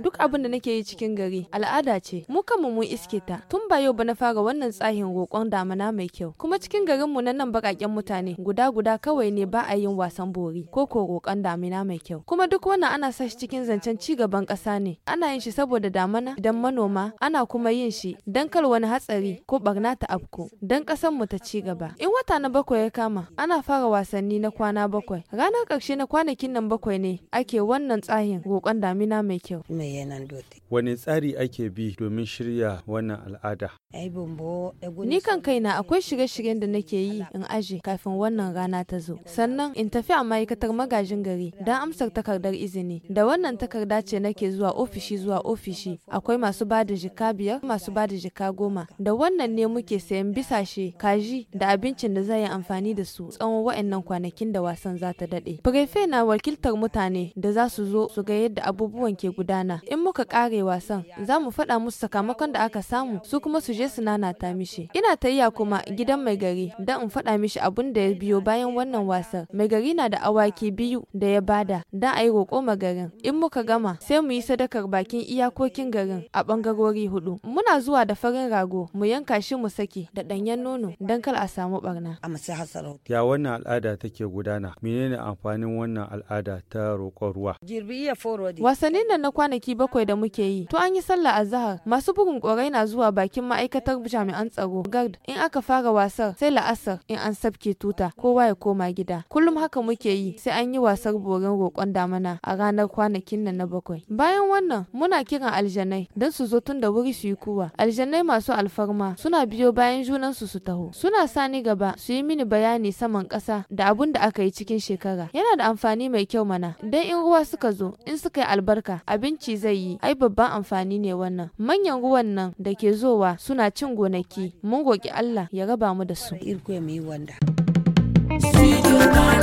Duk abin da nake yi cikin gari al'ada ce, mu kanmu mun iske ta. Tun ba yau ba na fara wannan tsahin roƙon damana mai kyau. Kuma cikin garin mu na nan baƙaƙen mutane guda guda kawai ne ba a yin wasan bori ko ko roƙon damina mai kyau. Kuma duk wannan ana sa shi cikin zancen ci gaban ƙasa ne. Ana yin shi saboda damana idan manoma, ana kuma yin shi dan kar wani hatsari ko barna ta afko dan ƙasan mu ta ci gaba. In wata na bakwai ya kama, ana fara wasanni na kwana bakwai. Ranar ƙarshe na kwanakin nan bakwai ne ake wannan tsahin roƙon damina mai kyau. Wani tsari ake bi domin shirya wannan al'ada? Ni kan na akwai shirye-shiryen da nake yi in aje kafin wannan rana ta zo. Sannan in tafi a ma'aikatar magajin gari don amsar takardar izini. Da wannan takarda ce nake zuwa ofishi zuwa ofishi. Akwai masu ba da jika biyar, masu ba da jika goma. Da wannan ne muke sayan bisashe, kaji da abincin da zai yi amfani da su tsawon wa'annan kwanakin da wasan za ta daɗe. Prefe na wakiltar mutane da za su zo su ga yadda abubuwan ke gudana in muka kare wasan za mu faɗa musu sakamakon da aka samu su kuma su je su nanata mishi ina tayya kuma gidan mai gari don in faɗa mishi abun da ya biyo bayan wannan wasan mai gari na da awaki biyu da ya bada don a yi roƙo garin in muka gama sai mu yi sadakar bakin iyakokin garin a ɓangarori hudu muna zuwa da farin rago mu yanka shi mu saki da ɗanyen nono don kar a samu barna. Ya wannan al'ada take gudana menene amfanin wannan al'ada ta roƙon ruwa? Wasannin nan na kwanaki bakwai da muke yi. To an yi sallah azhar. Masu bugun korai na zuwa bakin ma'aikatar jami'an tsaro. Gard in aka fara wasar sai la'asar in an sabke tuta kowa ya koma gida. Kullum haka muke yi sai an yi wasar borin roƙon damana a ranar kwanakin nan na bakwai. Bayan wannan muna kiran aljanai don su zo tun da wuri su yi kuwa. Aljanai masu alfarma suna biyo bayan junansu su taho. Suna sani gaba su yi mini bayani saman ƙasa da abun da aka yi cikin shekara. Yana da amfani mai kyau mana. Dan in ruwa suka zo in suka yi albarka abinci zai yi ai babban amfani ne wannan manyan ruwan nan da ke zowa suna cin gonaki mun goki Allah ya raba mu da su. Studio